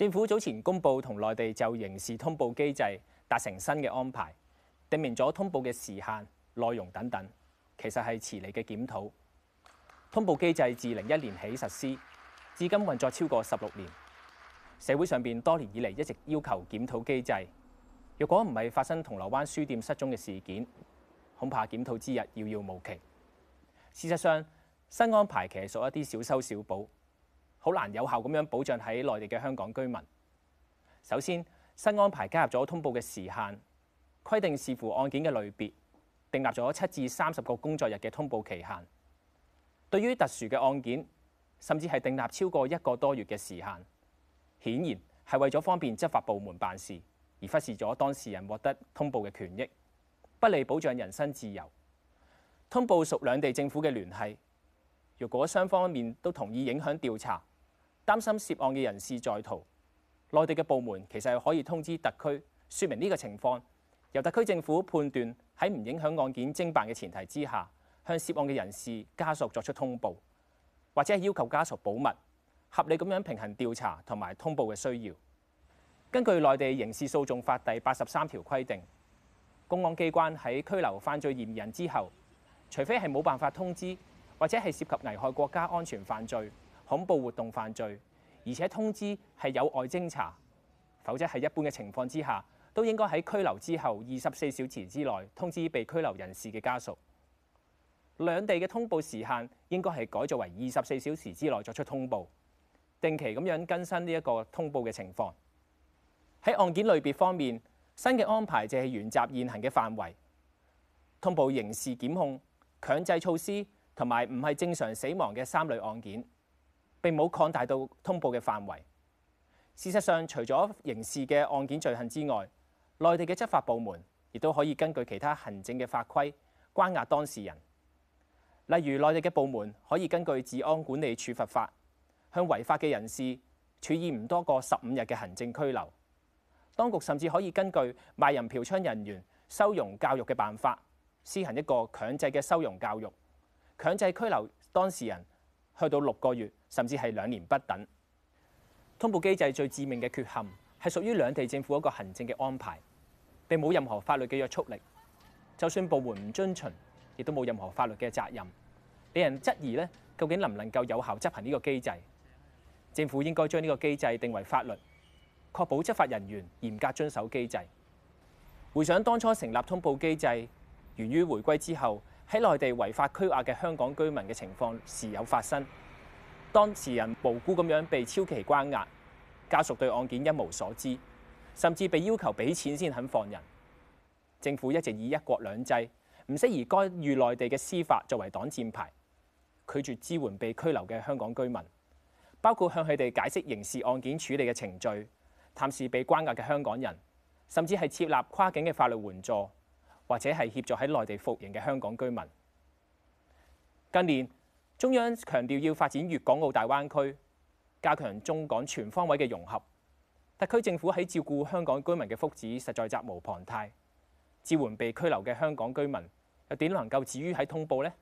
政府早前公布同內地就刑事通報機制達成新嘅安排，定明咗通報嘅時限、內容等等，其實係遲嚟嘅檢討。通報機制自零一年起實施，至今運作超過十六年，社會上面多年以嚟一直要求檢討機制。若果唔係發生銅鑼灣書店失蹤嘅事件，恐怕檢討之日遙遙無期。事實上，新安排其實屬一啲小修小補。好難有效咁樣保障喺內地嘅香港居民。首先，新安排加入咗通報嘅時限，規定視乎案件嘅類別，訂立咗七至三十個工作日嘅通報期限。對於特殊嘅案件，甚至係訂立超過一個多月嘅時限。顯然係為咗方便執法部門辦事，而忽視咗當事人獲得通報嘅權益，不利保障人身自由。通報屬兩地政府嘅聯繫，若果雙方面都同意影響調查。擔心涉案嘅人士在逃，內地嘅部門其實係可以通知特區，説明呢個情況，由特區政府判斷喺唔影響案件偵辦嘅前提之下，向涉案嘅人士家屬作出通報，或者係要求家屬保密，合理咁樣平衡調查同埋通報嘅需要。根據內地刑事訴訟法第八十三條規定，公安機關喺拘留犯罪嫌疑人之後，除非係冇辦法通知，或者係涉及危害國家安全犯罪。恐怖活動犯罪，而且通知係有礙偵查，否則係一般嘅情況之下，都應該喺拘留之後二十四小時之內通知被拘留人士嘅家屬。兩地嘅通報時限應該係改作為二十四小時之內作出通報，定期咁樣更新呢一個通報嘅情況。喺案件類別方面，新嘅安排就係沿襲現行嘅範圍，通報刑事檢控強制措施同埋唔係正常死亡嘅三類案件。並冇擴大到通報嘅範圍。事實上，除咗刑事嘅案件罪行之外，內地嘅執法部門亦都可以根據其他行政嘅法規關押當事人。例如，內地嘅部門可以根據《治安管理處罰法》向違法嘅人士處以唔多過十五日嘅行政拘留。當局甚至可以根據賣淫嫖娼人員收容教育嘅辦法，施行一個強制嘅收容教育、強制拘留當事人。去到六個月，甚至係兩年不等。通報機制最致命嘅缺陷係屬於兩地政府一個行政嘅安排，並冇任何法律嘅約束力。就算部門唔遵循，亦都冇任何法律嘅責任。令人質疑呢，究竟能唔能夠有效執行呢個機制？政府應該將呢個機制定為法律，確保執法人員嚴格遵守機制。回想當初成立通報機制，源於回歸之後。喺內地違法拘押嘅香港居民嘅情況時有發生，當事人無辜咁樣被超期關押，家屬對案件一無所知，甚至被要求俾錢先肯放人。政府一直以一國兩制唔適宜干預內地嘅司法作為擋箭牌，拒絕支援被拘留嘅香港居民，包括向佢哋解釋刑事案件處理嘅程序、探視被關押嘅香港人，甚至係設立跨境嘅法律援助。或者係協助喺內地服刑嘅香港居民。近年中央強調要發展粵港澳大灣區，加強中港全方位嘅融合。特區政府喺照顧香港居民嘅福祉，實在責無旁貸。支援被拘留嘅香港居民，又點能夠止於喺通報呢？